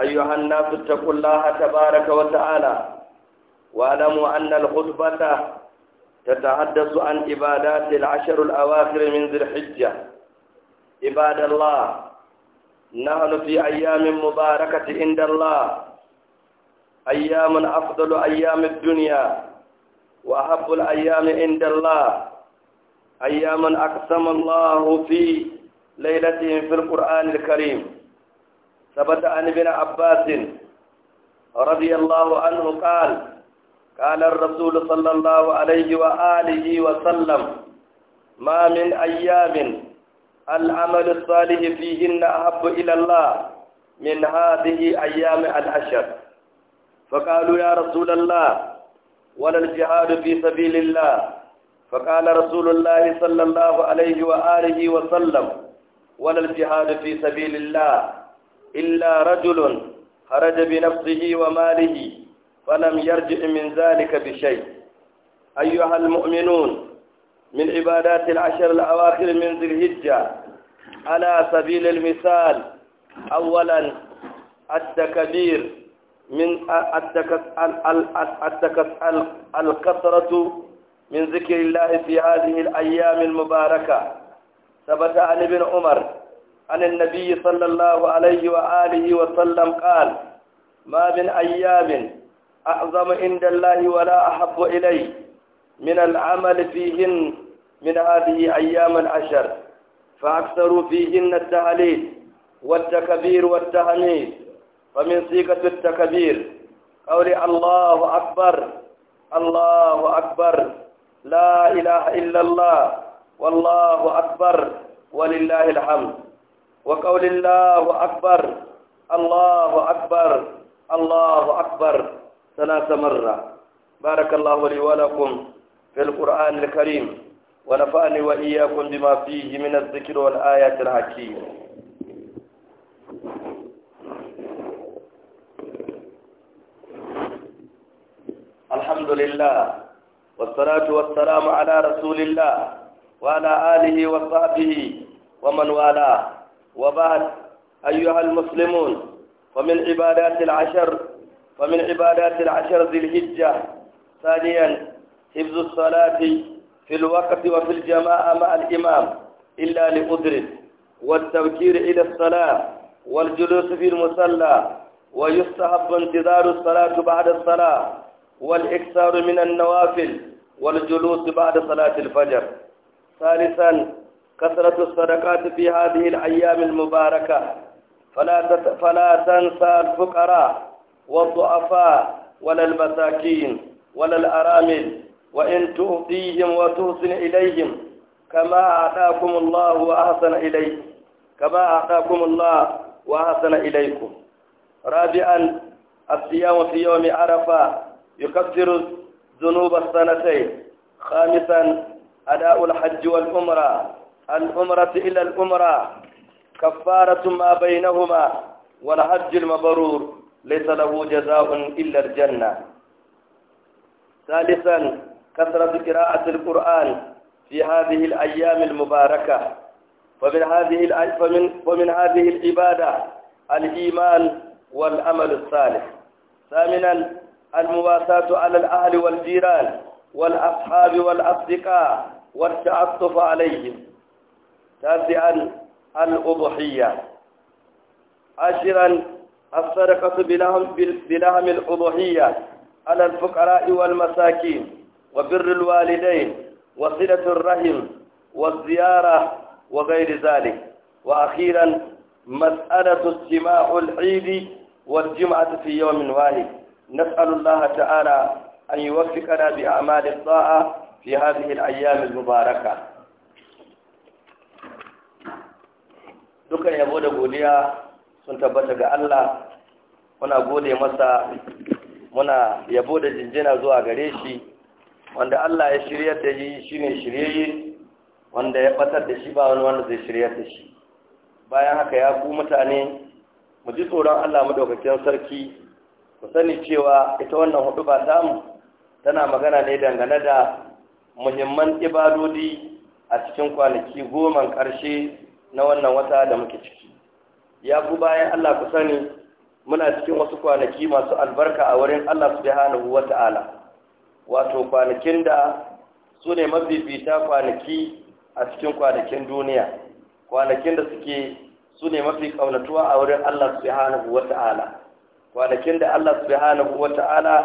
أيها الناس اتقوا الله تبارك وتعالى واعلموا أن الخطبة تتحدث عن عبادات العشر الأواخر من ذي الحجة عباد الله نحن في أيام مباركة عند الله أيام أفضل أيام الدنيا وأحب الأيام عند الله أيام أقسم الله في ليلتهم في القرآن الكريم ثبت عن ابن عباس رضي الله عنه قال قال الرسول صلى الله عليه وآله وسلم ما من أيام العمل الصالح فيهن أحب إلى الله من هذه أيام العشر فقالوا يا رسول الله ولا الجهاد في سبيل الله فقال رسول الله صلى الله عليه وآله وسلم ولا الجهاد في سبيل الله إلا رجل خرج بنفسه وماله فلم يرجع من ذلك بشيء أيها المؤمنون من عبادات العشر الأواخر من ذي الهجة على سبيل المثال أولا التكبير من الكثرة من ذكر الله في هذه الأيام المباركة ثبت عن ابن عمر عن النبي صلى الله عليه وآله وسلم قال ما من أيام أعظم عند الله ولا أحب إلي من العمل فيهن من هذه أيام العشر فأكثروا فيهن التهليل والتكبير والتهنيد فمن صيغة التكبير قول الله أكبر الله أكبر لا إله إلا الله والله أكبر ولله الحمد وقول الله أكبر الله أكبر الله أكبر ثلاث مرة بارك الله لي ولكم في القرآن الكريم ونفعني وإياكم بما فيه من الذكر والآيات الحكيم الحمد لله والصلاة والسلام على رسول الله وعلى آله وصحبه ومن والاه وبعد أيها المسلمون ومن عبادات العشر ومن عبادات العشر ذي الهجة ثانيا حفظ الصلاة في الوقت وفي الجماعة مع الإمام إلا لقدر والتبكير إلى الصلاة والجلوس في المصلى ويستحب انتظار الصلاة بعد الصلاة والإكثار من النوافل والجلوس بعد صلاة الفجر ثالثا كثرة الصدقات في هذه الأيام المباركة فلا فلا تنسى الفقراء والضعفاء ولا المساكين ولا الأرامل وإن تؤتيهم وتحسن إليهم كما أعطاكم الله وأحسن إليكم كما أعطاكم الله وأحسن إليكم رابعا الصيام في يوم عرفة يكفر ذنوب السنتين خامسا أداء الحج والعمرة الأمرة إلى الأمرة كفارة ما بينهما والحج المبرور ليس له جزاء إلا الجنة ثالثا كثرة قراءة القرآن في هذه الأيام المباركة فمن هذه فمن ومن هذه العبادة الإيمان والأمل الصالح ثامنا المواساة على الأهل والجيران والأصحاب والأصدقاء والتعطف عليهم تاسعا الأضحية عاشرا السرقة بلهم, بلهم الأضحية على الفقراء والمساكين وبر الوالدين وصلة الرحم والزيارة وغير ذلك وأخيرا مسألة اجتماع العيد والجمعة في يوم واحد نسأل الله تعالى أن يوفقنا بأعمال الطاعة في هذه الأيام المباركة dukan yabo da godiya sun tabbata ga Allah muna gode masa muna yabo da jinjina zuwa gare shi wanda Allah ya shirya da yi shi ne shiryayye wanda ya batar da shi ba wani wanda zai shirya da shi bayan haka ya ku mutane mu ji tsoron Allah madaukakin sarki ku sani cewa ita wannan hudu ba tamu tana magana ne dangane da muhimman ibadodi a cikin kwanaki goma karshe na wannan wata da muke ciki ya ku bayan Allah ku sani muna cikin wasu kwanaki masu albarka a wurin Allah subhanahu wata'ala wato kwanakin da su ne mabibita kwanaki a cikin kwanakin duniya kwanakin da suke su ne mafi kaunatuwa a wurin Allah subhanahu wata'ala kwanakin da Allah subhanahu wata'ala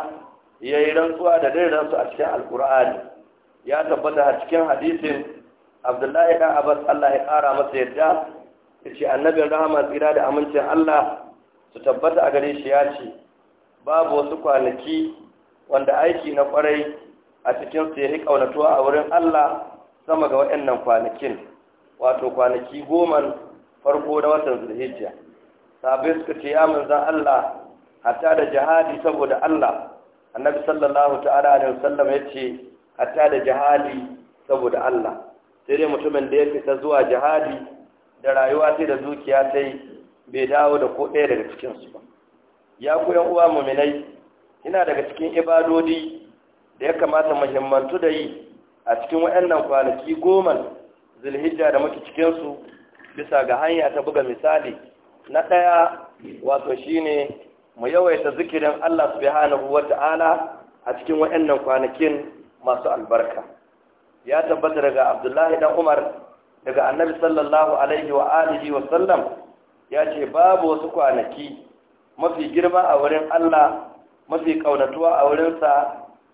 ya yi rantsuwa da dai rantsu a cikin alkur'ani ya tabbata a cikin hadisin abdullahi ɗan abbas allah ya ƙara masa yadda ya ce annabin rahama tsira da amincin allah su tabbata a gare shi ya ce babu wasu kwanaki wanda aiki na kwarai a cikin su ya yi ƙaunatuwa a wurin allah sama ga waɗannan kwanakin wato kwanaki goma farko na watan zulhijja sabai suka ce ya manzan allah hatta da jihadi saboda allah annabi sallallahu ta'ala alaihi wasallam ya ce hatta da jihadi saboda allah sai dai mutumin da ya fita zuwa jihadi da rayuwa sai da dukiya sai bai dawo da ko ɗaya daga cikinsu ba ya ku yan uwa muminai ina daga cikin ibadodi da ya kamata muhimmantu da yi a cikin waɗannan kwanaki goma zulhijja da muke cikinsu bisa ga hanya ta buga misali na ɗaya wato shine mu yawaita zikirin Allah subhanahu Ta'ala a cikin waɗannan kwanakin masu albarka ya tabbata daga abdullahi dan umar daga annabi sallallahu alaihi wa alihi wa sallam ya ce babu wasu kwanaki mafi girma a wurin allah mafi kaunatuwa a wurinsa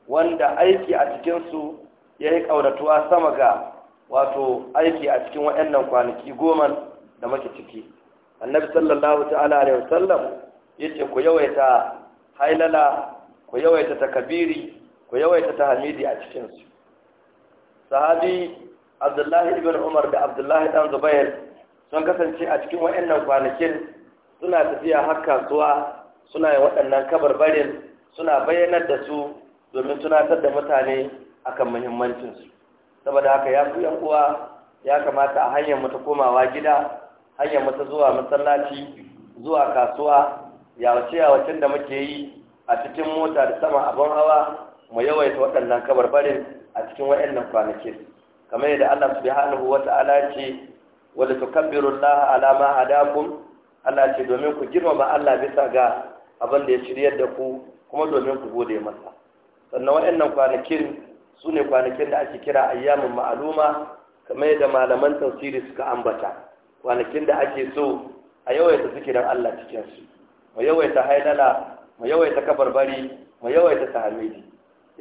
wanda aiki a cikinsu ya yi kaunatuwa sama ga wato aiki a cikin waɗannan kwanaki goman da muke ciki annabi sallallahu ta'ala alaihi wa sallam ya ce ku yawaita hailala ku yawaita takabiri ku yawaita tahmidi a cikinsu sahabi abdullahi ibn umar da abdullahi dan zubair sun kasance a cikin wayannan kwanakin suna tafiya har kasuwa suna yin waɗannan kabarbarin suna bayyanar da su domin tunatar da mutane akan muhimmancinsu saboda haka ya fi uwa ya kamata a hanyar mu komawa gida hanyar mu zuwa masallaci zuwa kasuwa yawace yawacin da muke yi a cikin mota da sama abin hawa mu yawaita waɗannan kabarbarin a cikin waɗannan kwanakin kamar yadda Allah subhanahu wata'ala ce wala tukabbiru Allah Alama ma hadakum Allah ce domin ku girmama Allah bisa ga abin da ya shiryar da ku kuma domin ku gode masa sannan waɗannan kwanakin su ne kwanakin da ake kira ayyamin ma'aluma kamar yadda malaman tafsiri suka ambata kwanakin da ake so a yawaita zikirin Allah cikin su mu yawaita haidala mu yawaita kabarbari mu yawaita tahmidi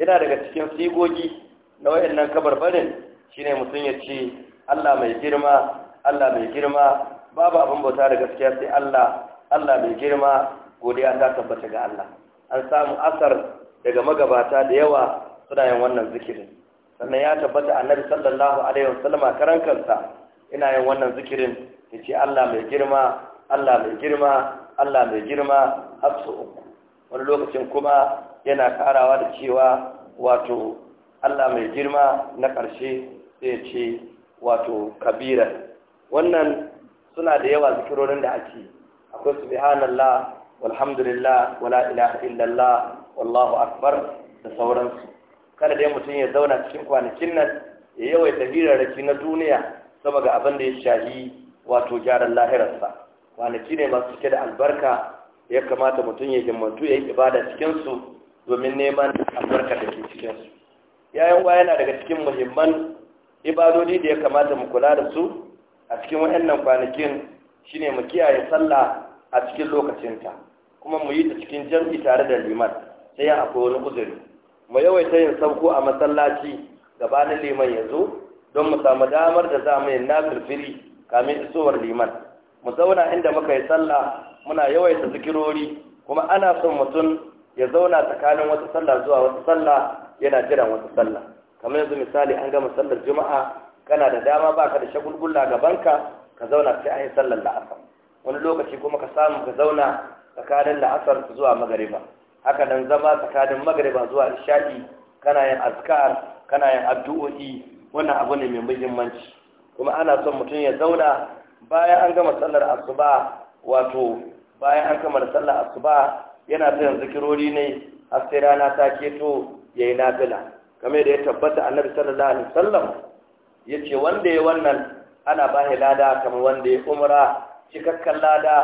yana daga cikin sigogi na kabar shi shine mutum ya ce Allah mai girma Allah mai girma babu abin bauta da gaskiya sai Allah Allah mai girma godiya ta tabbata ga Allah an samu asar daga magabata da yawa suna yin wannan zikirin sannan ya tabbata annabi sallallahu alaihi wasallama karan kansa ina yin wannan zikirin ya ce Allah mai girma Allah mai girma Allah mai girma har uku wani lokacin kuma yana karawa da cewa wato Allah mai girma na ƙarshe sai ce wato kabirar wannan suna da yawa zikirorin da ake akwai subhanallah walhamdulillah wala ilaha illallah wallahu akbar da sauransu kada dai mutum ya zauna cikin kwanakin nan ya yawaita hirarraki na duniya saboda abin da ya shahi wato gyaran lahirarsa kwanaki ne masu cike da albarka ya kamata mutum ya himmatu ya yi ibada cikinsu domin neman albarka da ke cikinsu yayin wa yana daga cikin muhimman ibadodi da ya kamata mu kula da su a cikin wa'annan kwanakin shine mu kiyaye sallah a cikin lokacinta kuma mu yi ta cikin jam'i tare da liman sai ya akwai wani uzuri mu yawaita yin sauko a masallaci gabanin liman ya don mu samu damar da za mu yi na firfiri kamin isowar liman mu zauna inda muka yi sallah muna yawaita zikirori kuma ana son mutum ya zauna tsakanin wata sallah zuwa wata sallah yana jiran wata sallah kamar yanzu misali an gama sallar juma'a kana da dama baka da shagulgulla gabanka ka zauna sai an yi sallar la'asar wani lokaci kuma ka samu ka zauna tsakanin la'asar zuwa magariba haka nan zama tsakanin magariba zuwa isha'i kana yin azkar kana yin addu'o'i wannan abu ne mai muhimmanci kuma ana son mutum ya zauna bayan an gama sallar asuba wato bayan an kammala sallar asuba yana son zikirori ne har sai rana ta keto ya yi nafila kamar da ya tabbata annabi sallallahu alaihi wasallam yace wanda ya wannan ana ba shi lada kamar wanda ya umra cikakkan lada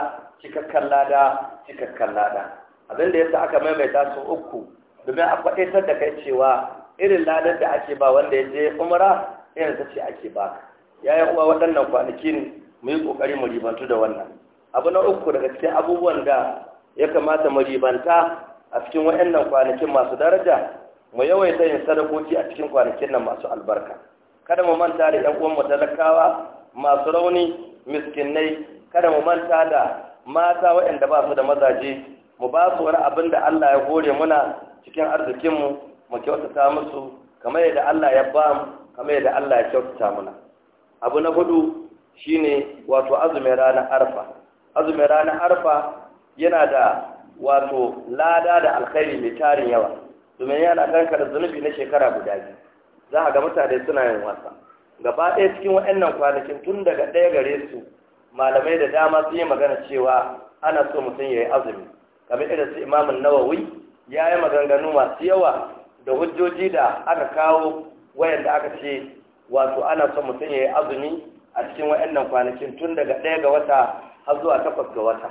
cikakkan lada cikakkan lada abin da yasa aka maimaita su uku domin a faɗaitar da kai cewa irin ladar da ake ba wanda ya je umra irin ta ce ake ba yayin uwa waɗannan kwanakin mu yi ƙoƙari mu ribantu da wannan abu na uku daga cikin abubuwan da ya kamata mu ribanta a cikin waɗannan kwanakin masu daraja mu yawaita yin sadakoki a cikin kwanakin nan masu albarka kada mu manta da ƴan uwan talakawa masu rauni miskinai kada mu manta da mata waɗanda ba su da mazaje mu ba su wani abin da Allah ya gode muna cikin arzikin mu mu kyautata musu kamar yadda Allah ya ba mu kamar yadda Allah ya kyautata muna abu na hudu shine wato azumin ranar arfa azumin ranar arfa yana da wato lada da alkhairi mai tarin yawa domin yana da zunubi na shekara guda biyu za a ga mutane suna yin wasa gaba ɗaya cikin waɗannan kwanakin tun daga ɗaya gare su malamai da dama sun yi magana cewa ana so mutum ya yi azumi kamar irin su imamun nawawi ya yi maganganu masu yawa da hujjoji da aka kawo wayanda aka ce wato ana so mutum ya yi azumi a cikin waɗannan kwanakin tun daga ɗaya ga wata har zuwa takwas ga wata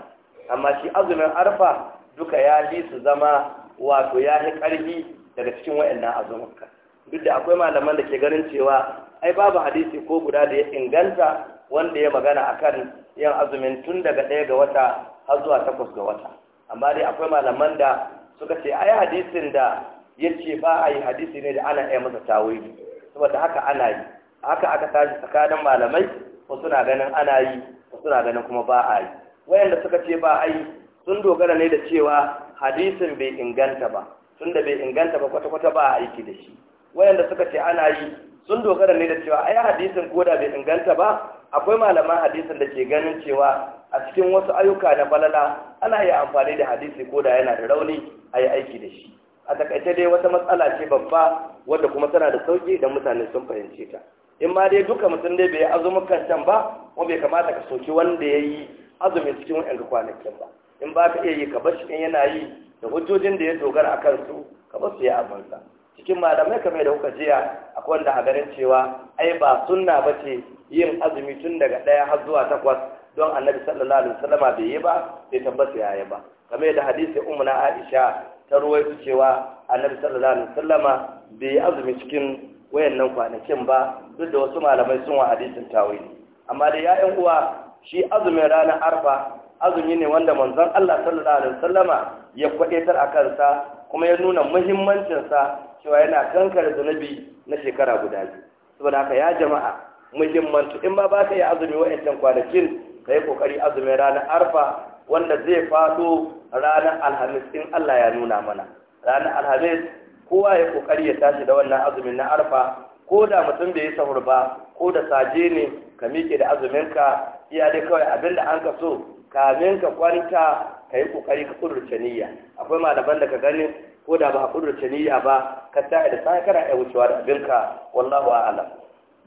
amma shi azumin arfa duka ya yi su zama wato ya yi ƙarfi daga cikin wa'annan azumuka duk da akwai malaman da ke ganin cewa ai babu hadisi ko guda da ya inganta wanda ya magana akan yin azumin tun daga ɗaya ga wata har zuwa takwas ga wata amma dai akwai malaman da suka ce ai hadisin da ya ce ba a yi hadisi ne da ana iya masa tawili saboda haka ana yi haka aka tashi tsakanin malamai wasu na ganin ana yi wasu na ganin kuma ba a yi wayanda suka ce ba a yi sun dogara ne da cewa hadisin bai inganta ba tunda bai inganta ba kwata-kwata ba a aiki da shi wayanda suka ce ana yi sun dogara ne da cewa ai hadisin koda bai inganta ba akwai malaman hadisin da ke ganin cewa a cikin wasu ayyuka na falala ana iya amfani da hadisi koda yana da rauni a yi aiki da shi a takaice dai wata matsala ce babba wadda kuma tana da sauki idan mutane sun fahimce ta in ma dai duka mutum dai bai kan can ba kuma bai kamata ka soki wanda ya yi azumin cikin wa'yan kwanakin ba in ba ka iya yi ka bar shi in yana yi da hujjojin da ya dogara a kansu ka bar su ya abinsa cikin malamai kamar da kuka jiya akwai wanda a ganin cewa ai ba sunna ba ce yin azumi tun daga ɗaya har zuwa takwas don annabi sallallahu alaihi wasallama bai yi ba bai tabbata ya yi ba kamar da hadisi ummu na aisha ta ruwaito cewa annabi sallallahu alaihi wasallama bai yi azumi cikin wayannan kwanakin ba duk da wasu malamai sun wa hadisin tawili amma da ya'yan uwa shi azumin ranar arfa azumi ne wanda manzon Allah sallallahu alaihi wasallama ya kwadaitar a kansa kuma ya nuna muhimmancinsa cewa yana kankar zunubi na shekara guda biyu saboda haka ya jama'a muhimmanci in ba ba ka yi azumi wa'ancan kwanakin ka yi kokari azumin ranar arfa wanda zai fado ranar alhamis in Allah ya nuna mana ranar alhamis kowa ya kokari ya tashi da wannan azumin na arfa ko da mutum bai yi sahur ba ko da saje ne ka miƙe da azuminka iya dai kawai abin da an ka so kamin ka kwanta ka yi ƙoƙari ka ƙudurce niyya akwai malaman da ka gani ko da ba ka ƙudurce niyya ba ka sa da sa kana iya wucewa da abinka wallahu a'lam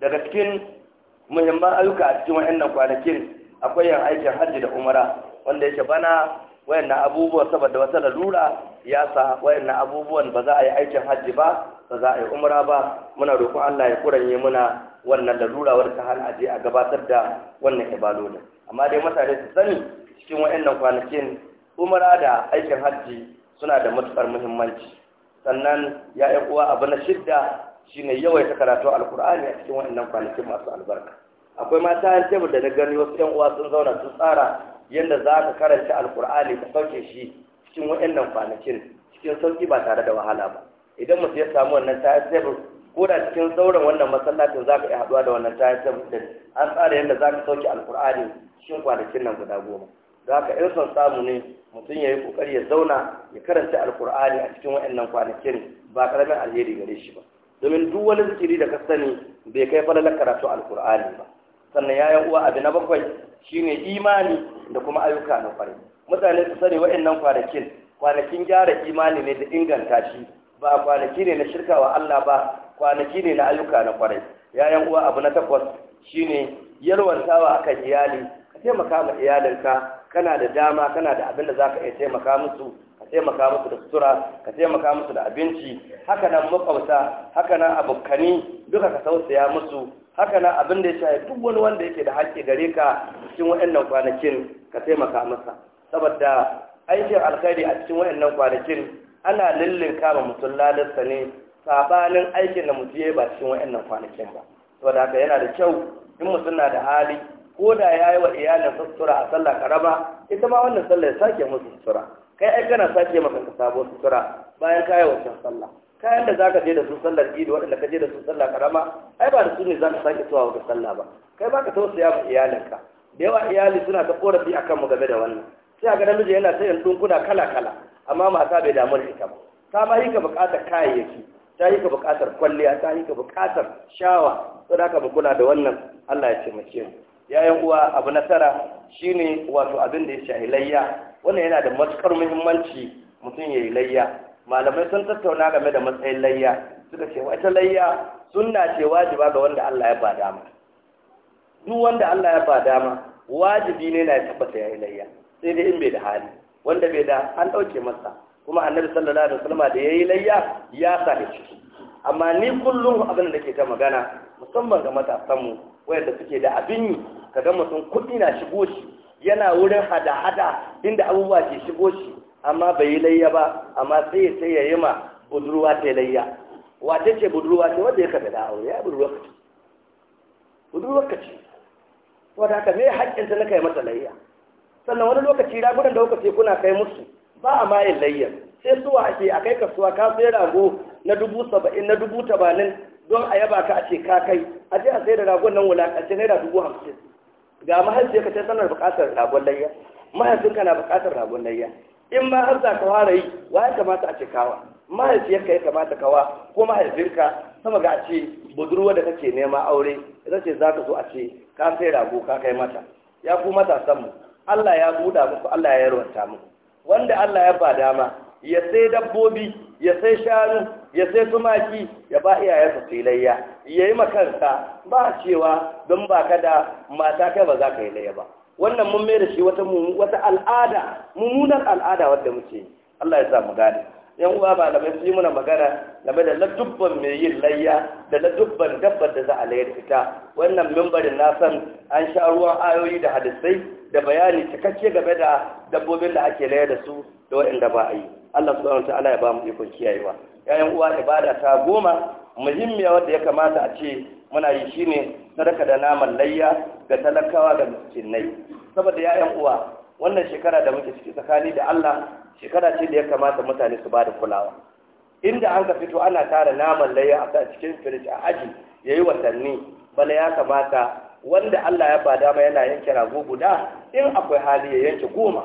daga cikin muhimman ayyuka a cikin wa'annan kwanakin akwai yin aikin hajji da umara wanda yake bana wa'annan abubuwan saboda wata lalura ya sa wa'annan abubuwan ba za a yi aikin hajji ba ba za a yi umra ba muna roƙon Allah ya kuranye muna wannan larura wani ta hana aje a gabatar da wannan ibadodin amma dai mutane su sani cikin wayannan kwanakin umra da aikin hajji suna da matukar muhimmanci sannan ya yi kuwa abu na shidda shine yawaita karatu alkur'ani a cikin wayannan kwanakin masu albarka akwai mata an tebur da na gani wasu yan uwa sun zauna sun tsara yadda za ka karanta alkur'ani ka sauke shi cikin wayannan kwanakin cikin sauki ba tare da wahala ba idan mutum ya samu wannan tayar tebur ko da cikin sauran wannan masallacin za ka iya haɗuwa da wannan tayar tebur din an tsara yadda za ka sauke alkur'ani cikin kwanakin nan guda goma za ka in son samu ne mutum ya yi ƙoƙari ya zauna ya karanta alkur'ani a cikin waɗannan kwanakin ba ƙaramin alheri gare shi ba domin duk wani zikiri da ka sani bai kai falala karatu alkur'ani ba sannan 'ya'yan uwa abu na bakwai shine imani da kuma ayyuka na kwarai mutane su sani waɗannan kwanakin kwanakin gyara imani ne da inganta shi ba kwanaki ne na shirka wa Allah ba kwanaki ne na ayyuka na kwarai yayan uwa abu na takwas shine yalwantawa akan iyali ka taimaka ma iyalinka kana da dama kana da abin da zaka iya taimaka musu ka taimaka musu da sutura ka taimaka musu da abinci haka nan makwabta haka nan abokani duka ka tausaya musu haka nan abin da ya shafi duk wani wanda yake da haƙƙi gare ka cikin waɗannan kwanakin ka taimaka masa saboda aikin alkhairi a cikin waɗannan kwanakin ana lullunka ma mutum ladarsa ne sabanin aikin da mutum ya yi ba cikin wa'annan kwanakin ba Da haka yana da kyau in mutum na da hali ko da ya yi wa iyalin sassura a sallah karama ita ma wannan sallah ya sake musu sutura kai ai kana sake maka ka sabo sutura bayan ka yi wancan sallah kayan da za ka je da su sallar idi waɗanda ka je da su sallah karama ai ba da su ne za ka sake zuwa ga sallah ba kai ba ka tausaya ma iyalinka da yawa iyali suna ta korafi akan mu game da wannan sai a ga namiji yana ta yin dunkuna kala kala amma mata bai damu da ita ba ta ma yi ka buƙatar kayayyaki ta yi ka buƙatar kwalliya ta yi ka buƙatar shawa don haka mu kula da wannan Allah ya taimake mu yayan uwa abu nasara tara shine wato abin da ya shahi layya wannan yana da matukar muhimmanci mutum ya yi layya malamai sun tattauna game da matsayin layya suka ce wata layya sunna ce wajiba ga wanda Allah ya ba dama duk wanda Allah ya ba dama wajibi ne na tabbata ya yi layya sai dai in bai da hali wanda bai da an ɗauke masa kuma annabi sallallahu alaihi wasallam da yayi layya ya sani ciki amma ni kullum abin da ke ta magana musamman ga matasan mu wayanda suke da abin yi kaga mutum kuɗi na shigo shi yana wurin hada-hada inda abubuwa ke shigo shi amma bai yi layya ba amma sai ya sai ya yi ma budurwa ta layya wace ce budurwa ce wanda ya kaɗa da aure ya budurwa ka ce budurwa ka ce wanda ka me haƙƙinta na kai mata layya sannan wani lokaci ragunan da kuka ce kuna kai musu ba a mayin layyar sai suwa ake a kai kasuwa ka sai rago na dubu saba'in na dubu tabanin don a yaba ka a ce ka kai a je a sai da ragon nan wulakance naira dubu hamsin ga mahaifin ka ce sanar buƙatar ragon layya mahaifinka na buƙatar ragon layya in ma har za ka fara yi wa ya kamata a ce kawa ka ya kamata kawa ko mahaifinka sama ga a ce budurwa da kake nema aure ita ce za ka zo a ce ka sai rago ka kai mata ya ku samu. Allah ya buɗa muku Allah ya yarwanta muku wanda Allah ya ba dama ya sai dabbobi ya sai shanu ya sai tumaki ya ba iyayensa filayya ya yi makansa ba cewa don ba ka da mata kai ba za ka yi layya ba wannan mun mai da shi wata al'ada mummunar al'ada wadda muke Allah ya sa mu gane yan uwa malamai su yi muna magana game da ladubban mai yin layya da ladubban dabbar da za a layar fita wannan mimbarin na san an sha ruwan ayoyi da hadisai da bayani cikakke game da dabbobin da ake layar da su da waɗanda ba a yi Allah subhanahu wa ta'ala ya ba mu ikon kiyayewa yayan uwa ibada ta goma muhimmiya wadda ya kamata a ce muna yi shine sadaka da naman layya ga talakawa da miskinai saboda yayan uwa wannan shekara da muke ciki tsakani da Allah shekara ce da ya kamata mutane su ba da kulawa inda an ka fito ana tara naman layi a cikin firij a aji ya yi watanni bala ya kamata wanda Allah ya ba ma yana yanke rago guda in akwai hali ya yanke goma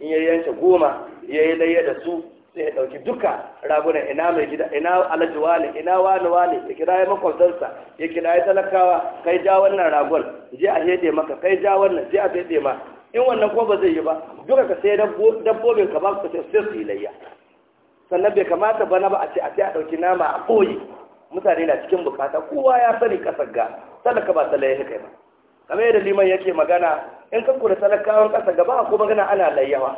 in ya yanke goma ya yi layi da su sai ya ɗauki duka ragunan ina mai gida ina alhaji ina wani wani ya kira ya makwabtarsa ya kira ya talakawa kai ja wannan ragon je a hede maka kai ja wannan je a hede ma in wannan ko ba zai yi ba duka ka sai dabbobin ka ba su sai su yi layya sannan bai kamata na ba a ce a ce a ɗauki nama a koyi. mutane na cikin bukata kowa ya sani ƙasar ga talaka ba talaya kai ba kamar yadda liman yake magana in ka kula talakawan ƙasar ga ba ko magana ana layyawa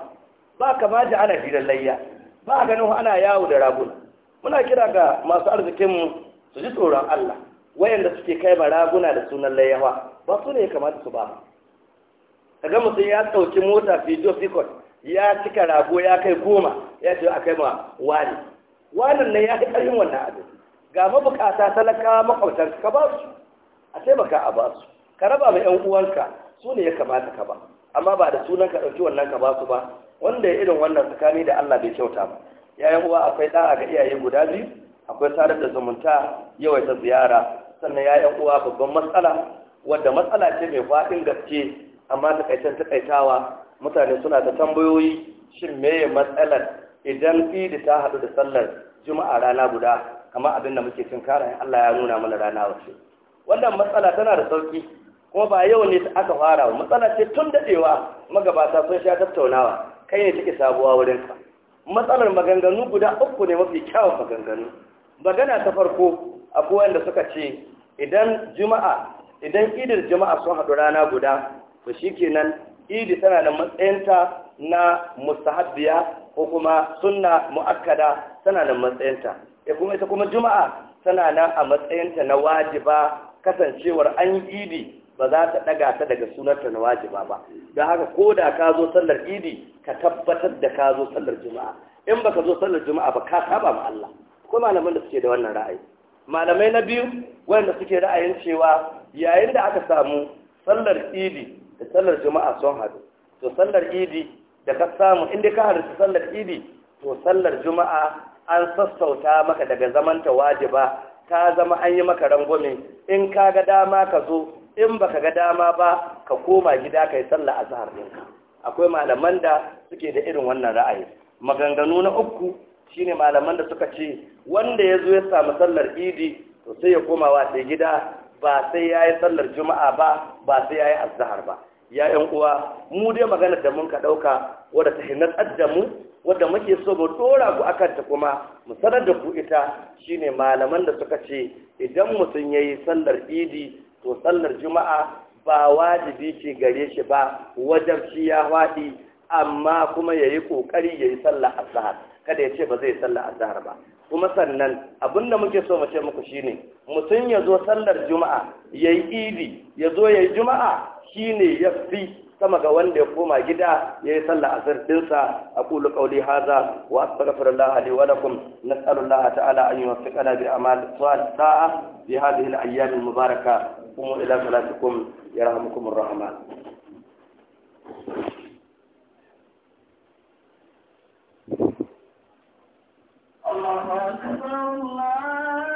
ba kama ji ana hirar layya ba ganin ana yawo da raguna muna kira ga masu arzikinmu su ji tsoron Allah wayanda suke kai ba raguna da sunan layyawa ba su ne ya kamata su ba kaga sai ya ɗauki mota fijo fikon ya cika rago ya kai goma ya ce a kai ma wani wani nan ya fi ƙarfin wannan abu ga mabukata talakawa makwabtan ka ba su a taimaka a ba su ka raba ma yan uwanka su ne ya kamata ka ba amma ba da sunan ka ɗauki wannan ka ba su ba wanda ya irin wannan tsakani da Allah bai kyauta ba yayan uwa akwai ɗa'a ga iyaye guda biyu akwai sadar da zumunta yawaita ziyara sannan yayan uwa babban matsala wadda matsala ce mai faɗin gaske amma takaitan takaitawa mutane suna ta tambayoyi shin meye matsalar idan idi ta haɗu da sallar juma'a rana guda kamar abin da muke cin kara in Allah ya nuna mana rana wace wannan matsala tana da sauki kuma ba yau ne aka fara matsala ce tun dadewa magabata sun sha tattaunawa kai ne take sabuwa wurin ka matsalar maganganu guda uku ne mafi kyawun maganganu magana ta farko akwai wanda suka ce idan juma'a idan idar juma'a sun haɗu rana guda to shikenan idi tana da matsayinta na mustahabbiya ko kuma sunna muakkada tana da matsayinta E kuma ita kuma juma'a tana nan a matsayinta na wajiba kasancewar an idi ba za ta daga ta daga sunanta na wajiba ba don haka ko da ka zo sallar idi ka tabbatar da ka zo sallar juma'a in baka zo sallar juma'a ba ka saba ma Allah ko malaman da suke da wannan ra'ayi malamai na biyu wanda suke ra'ayin cewa yayin da aka samu sallar idi da sallar juma'a sun haɗu to sallar idi da ka samu inda ka halarci sallar idi to sallar juma'a an sassauta maka daga zamanta wajiba ta zama an yi maka rangwame in ka ga dama ka zo in baka ga dama ba ka koma gida ka yi sallar azhar ɗinka akwai malaman da suke da irin wannan ra'ayi maganganu na uku shine malaman da suka ce wanda ya zo ya samu sallar idi to sai ya koma wa sai gida ba sai ya yi sallar juma'a ba ba sai ya yi azhar ba Ya'yan yan uwa mu dai maganar da mun ka ɗauka wadda ta hinnatsar da mu wadda muke so mu ɗora ku akan ta kuma mu sanar da ku ita shine malaman da suka ce idan mutum ya yi sallar idi to sallar juma'a ba wajibi ce gare shi ba wajen shi ya faɗi amma kuma ya yi ƙoƙari ya yi sallar azhar kada ya ce ba zai sallar azhar ba kuma sannan abin da muke so mu ce muku shine mutum ya zo sallar juma'a ya yi idi ya zo ya yi juma'a ya fi sama ga wanda ya koma gida ya yi sallah a zarfinsa a kulu ƙauli haza wa astaghfirullah li wa lakum nas'alullah ta'ala an yuwaffiqana bi amal sa'a bi hadhihi hin ayyamin mubaraka kuma ila salatikum yarhamukum ar-rahman Allah, Allah, Allah